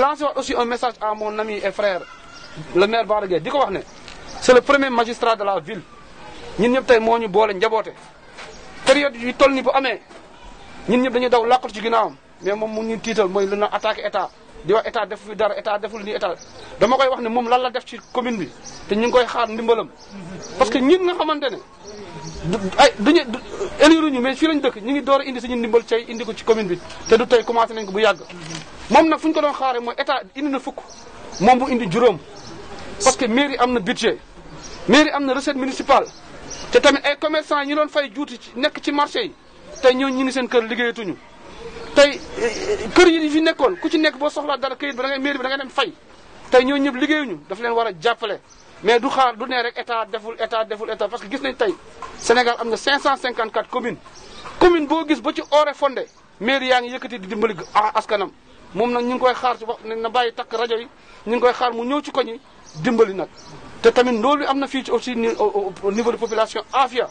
lancé waat aussi un message à mon ami et frère le maire Bara Gaye di wax ne c'est le premier magistrat de la ville ñun ñëpp tey moo ñu boole njaboote période yu toll ni bu amee ñun ñëpp dañuy daw làqatu ci ginnaawam mais moom mu ñu tiital mooy li attaqué état di wax état def fi dara état deful ni état dama koy wax ne mom lan la def ci commune bi te ñing koy xaar ndimbalam parce que ñing nga xamante ay duñu éliruñu mais fi lañ dëkk ñu ngi door indi suñu ndimbal tay indi ko ci commune bi te du tay commencé nañ ko bu yàgg moom nag fu ñu ko doon xaare mooy état indi na fukk moom mu indi juróom parce que mairie am na budget mairie am na recette municipale te tamit ay commerçant ñi doon fay juuti ci nekk ci marché yi tey ñoo ñu ngi seen kër liggéeyatuñu tey eh, kër yi fi nekkoon ku ci nekk boo soxla dara këyit bi da mairie bi da ngay dem fay tey ñoo ñëpp liggéeyuñu daf leen war a jàppale mais du xaar du ne rek état deful état deful état parce que gis nañ tey Sénégal am na 554 communes commune boo gis ba ci Oré Fondé mairie yaa ngi yëkkati di dimbali askanam moom nag ñu ngi koy xaar ci wax ne na bàyyi takk rajo yi ñu ngi koy xaar mu ñëw ci koñ yi dimbali nag te tamit loolu am na fii ci aussi au niveau de population afia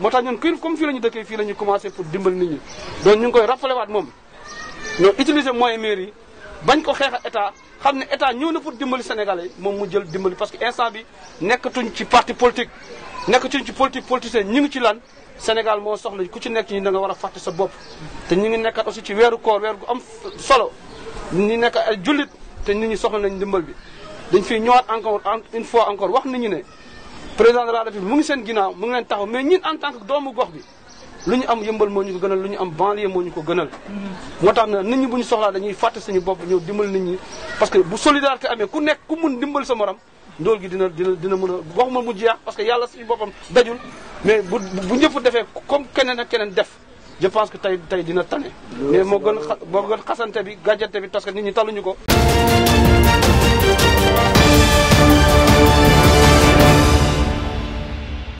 moo tax ñun kii comme fii la ñu dëkkee fii la ñu pour dimbali nit ñi ngi koy rappelé waat moom ñoo utiliser moyen maire yi bañ ko xeex a xam ne état ñëw na pour dimbali sénégalais moom mu jël dimbali parce que instant bi nekkatuñ ci parti nekk nekkatuñ ci politique politicien ñu ngi ci lan Sénégal moo soxla ku ci nekk ñi da nga war a sa bopp te ñu ngi nekkat aussi ci weeru koor gu am solo ñi nekk ay jullit te nit ñi soxla nañ dimbal bi dañ fiy ñëwaat encore une fois encore wax nit ñi ne président de la république mu ngi seen ginnaaw mu ngi leen taxaw mais ñi en tant que doomu gox bi lu ñu am yëmbal moo ñu ko gënal lu ñu am banlieue moo ñu ko gënal. Mm-hmm. moo tax na nit ñi bu ñu soxlaa dañuy fàtte suñu bopp ñëw dimbal nit ñi parce que bu solidarité amee ku nekk ku mun dimbal sa morom ndóol gi dina dina dina mën a waxuma mu jeex parce que yàlla suñu boppam dajul mais bu bu ñëpp defee comme keneen ak keneen def. je pense que tey tey dina tane. mais moo gën moo gën xasante bi gàjjante bi parce que nit ñi taluñu ko.